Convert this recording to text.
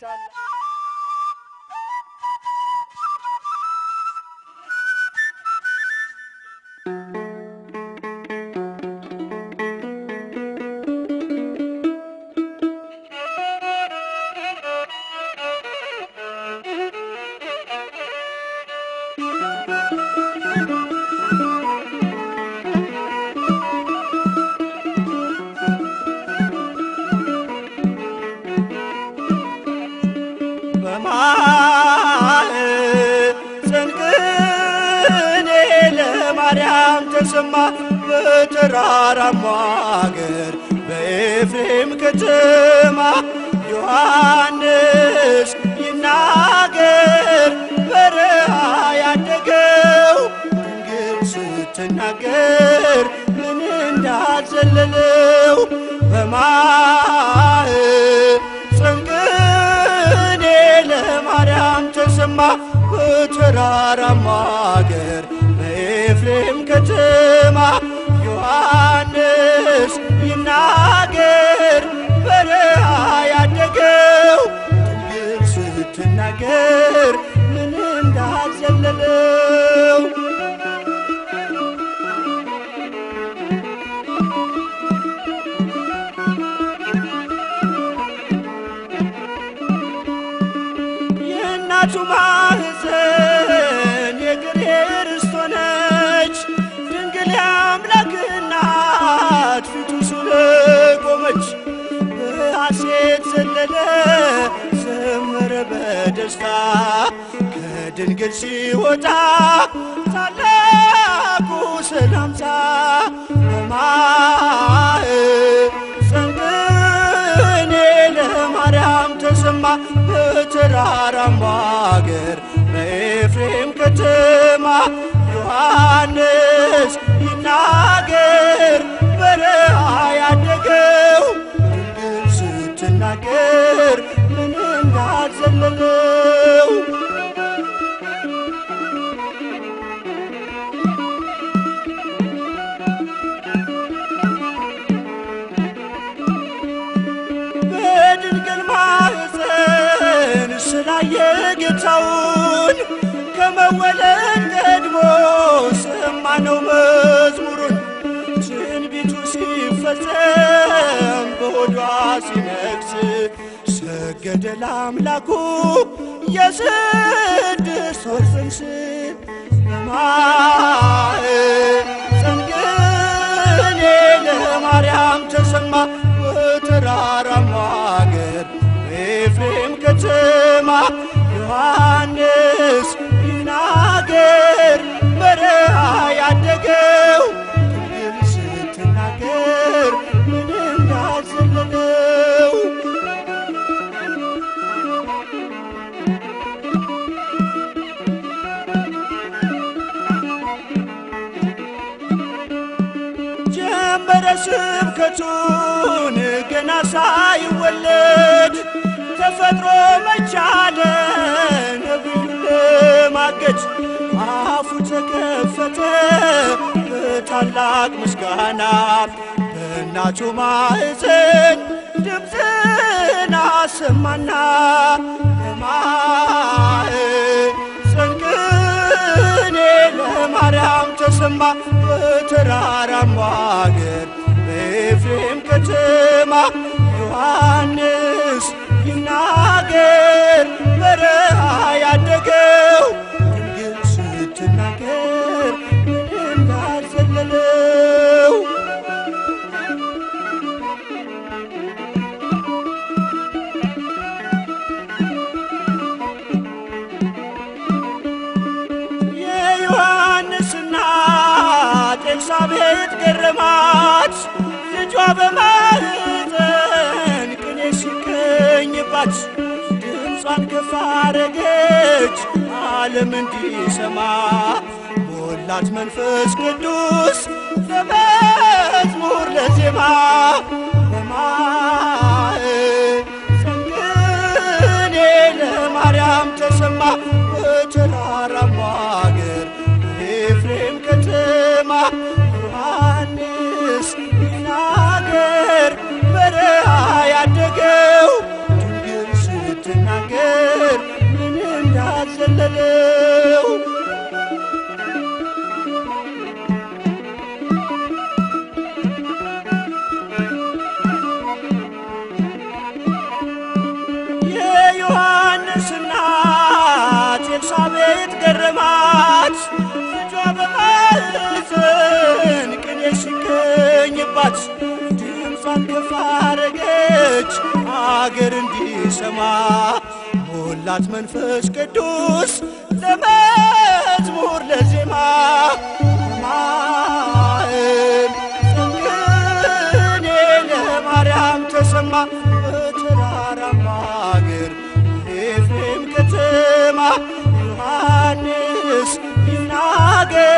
Done. ማርያም ተሰማ በተራራማ አገር በኤፍሬም ከተማ ዮሐንስ ይናገር በረሃ ያደገው ድንግል ስትናገር ምን እንዳዘለለው በማህ ጸንቅኔ ለማርያም ተሰማ በተራራማ አገር የኤፍሬም ከተማ ዮሐን በደስታ ከድንግል ሲወጣ ታላቁ ሰላምታ በማኅፀን ለማርያም ተሰማ በተራራማ አገር በኤፍሬም ከተማ ዮሐንስ ይና የጌታውን ከመወለድ ቀድሞ ሰማነው መዝሙሩን ትንቢቱ ሲፈጸም በሆዷ ሲነግስ ሰገደ ለአምላኩ የስድስት ወር ጽንስ ጸንግኔ ለማርያም ተሰማ በተራራማ አገር ኤፍሬም ዮሐንስ ይናገር በረሃ ያደገው ትግል ስትናገር ምን እንዳዘለለው ጀመረ ስብከቱን ገና ሳይወለድ ታላቅ ምስጋና በእናቱ ማሕፀን ድምፅን አሰማና ለማሕፀን ቅኔ ለማርያም ተሰማ በተራራማ አገር በኤፍሬም ከተማ ዮሐንስ ይናገር በረሃ ያደገው ድንግል ስትናገር ገባች፣ ድምጿን ከፍ አረገች ዓለም እንዲሰማ ሞላት መንፈስ ቅዱስ ዘመን ያሸለለው የዮሐንስ እናት ኤልሳቤጥ ገረማት ልጇ በማዘን ቅኔ ሲገኝባት ድምጿን ከፍ አረገች አገር እንዲሰማ ሞላት መንፈስ ቅዱስ ለመዝሙር ለዜማ ማዕድ ጽጌኔ ለማርያም ተሰማ በተራራማ አገር ኤፍሬም ከተማ ዮሐንስ ይናገር